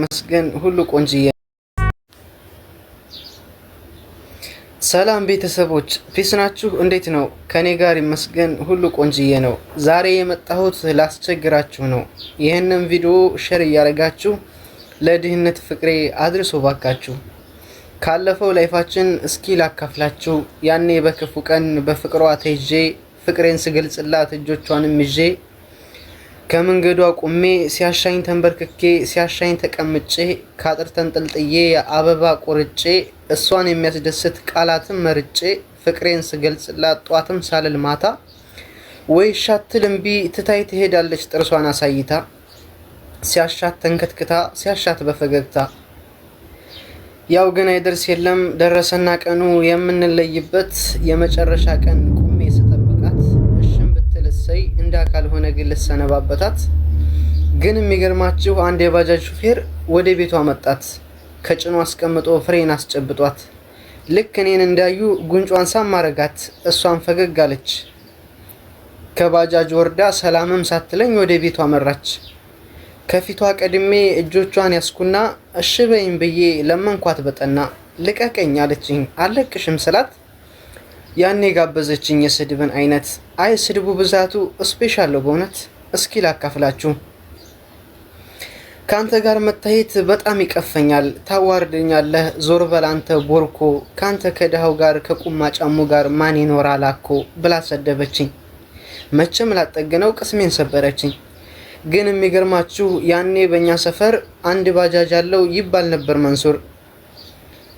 መስገን ሁሉ ቆንጅዬ። ሰላም ቤተሰቦች ፒስ ናችሁ? እንዴት ነው? ከኔ ጋር ይመስገን ሁሉ ቆንጅዬ ነው። ዛሬ የመጣሁት ላስቸግራችሁ ነው። ይህንን ቪዲዮ ሼር እያደረጋችሁ ለድህነት ፍቅሬ አድርሶ ባካችሁ። ካለፈው ላይፋችን እስኪ ላካፍላችሁ። ያኔ በክፉ ቀን በፍቅሯ ተይዤ ፍቅሬን ስገልጽላት እጆቿንም ይዤ ከመንገዷ ቁሜ ሲያሻኝ ተንበርክኬ ሲያሻኝ ተቀምጬ ከአጥር ተንጠልጥዬ የአበባ ቁርጬ እሷን የሚያስደስት ቃላትም መርጬ ፍቅሬን ስገልጽላት ጧትም ሳልል ማታ ወይ ሻትል እምቢ ትታይ ትሄዳለች ጥርሷን አሳይታ ሲያሻት ተንከትክታ ሲያሻት በፈገግታ ያው ግን አይደርስ የለም ደረሰና ቀኑ የምንለይበት የመጨረሻ ቀን እንዳ ሆነ ግን ልሰነባበታት። ግን የሚገርማችሁ አንድ የባጃጅ ሹፌር ወደ ቤቷ መጣት። ከጭኑ አስቀምጦ ፍሬን አስጨብጧት። ልክ እኔን እንዳዩ ጉንጯን ሳም አረጋት። እሷን ፈገግ አለች። ከባጃጅ ወርዳ ሰላምም ሳትለኝ ወደ ቤቷ መራች። ከፊቷ ቀድሜ እጆቿን ያስኩና እሺ በይኝ ብዬ ለመንኳት በጠና። ልቀቀኝ አለችኝ። አለቅሽም ስላት ያኔ የጋበዘችኝ የስድብን አይነት አይ ስድቡ ብዛቱ ስፔሻል ነው በእውነት እስኪ ላካፍላችሁ። ከአንተ ጋር መታየት በጣም ይቀፈኛል። ታዋርደኛለህ። ዞር በል አንተ ቦርኮ፣ ከአንተ ከድሃው ጋር ከቁማ ጫሙ ጋር ማን ይኖራል አኮ ብላ ሰደበችኝ። መቼም ላጠግነው ቅስሜን ሰበረችኝ። ግን የሚገርማችሁ ያኔ በእኛ ሰፈር አንድ ባጃጅ አለው ይባል ነበር መንሱር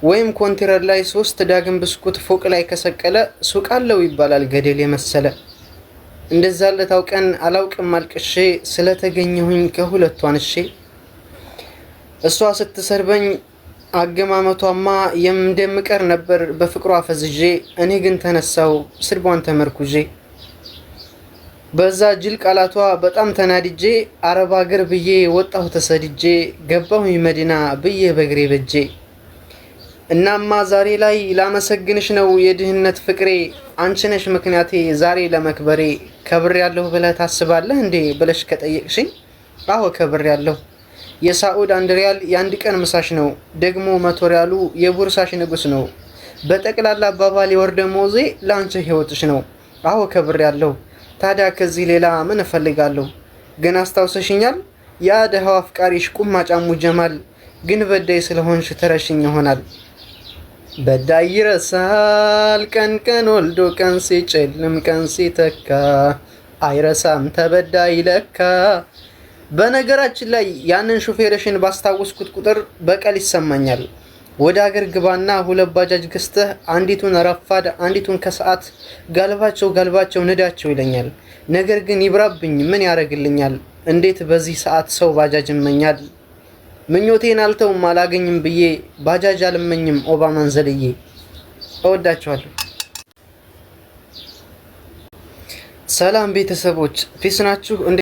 ወይም ኮንቴነር ላይ ሶስት ዳግም ብስኩት ፎቅ ላይ ከሰቀለ ሱቅ አለው ይባላል። ገደል የመሰለ እንደዛ ለታውቀን ቀን አላውቅም አልቅሼ ስለተገኘሁኝ ከሁለቱ አንሼ እሷ ስትሰርበኝ አገማመቷማ የምደምቀር ነበር በፍቅሯ ፈዝዤ እኔ ግን ተነሳው ስድቧን ተመርኩዤ በዛ ጅል ቃላቷ በጣም ተናድጄ አረብ አገር ብዬ ወጣሁ ተሰድጄ ገባሁኝ መዲና ብዬ በግሬ በጄ እናማ ዛሬ ላይ ላመሰግንሽ ነው የድህነት ፍቅሬ፣ አንቺ ነሽ ምክንያቴ ዛሬ ለመክበሬ። ከብር ያለሁ ብለህ ታስባለህ እንዴ ብለሽ ከጠየቅሽኝ፣ አዎ ከብር ያለሁ። የሳዑድ አንድ ሪያል የአንድ ቀን ምሳሽ ነው፣ ደግሞ መቶ ሪያሉ የቡርሳሽ ንጉስ ነው። በጠቅላላ አባባል የወር ደመወዜ ለአንቺ ህይወትሽ ነው። አዎ ከብር ያለሁ። ታዲያ ከዚህ ሌላ ምን እፈልጋለሁ? ግን አስታውሰሽኛል? ያ ደሃው አፍቃሪሽ ቁማጫሙ ጀማል፣ ግን በዳይ ስለሆንሽ ተረሽኝ ይሆናል በዳይ ይረሳል ቀን ቀን ወልዶ ቀን ሲጨልም ቀን ሲተካ አይረሳም ተበዳይ ለካ። በነገራችን ላይ ያንን ሹፌርሽን ባስታወስኩት ቁጥር በቀል ይሰማኛል። ወደ አገር ግባና ሁለት ባጃጅ ገዝተህ አንዲቱን ረፋድ አንዲቱን ከሰዓት ጋልባቸው ጋልባቸው ንዳቸው ይለኛል። ነገር ግን ይብራብኝ ምን ያደርግልኛል? እንዴት በዚህ ሰዓት ሰው ባጃጅ ይመኛል? ምኞቴን አልተውም አላገኝም ብዬ ባጃጅ አልመኝም ኦባማን ዘልዬ። እወዳቸዋለሁ። ሰላም ቤተሰቦች ፊስ ናችሁ?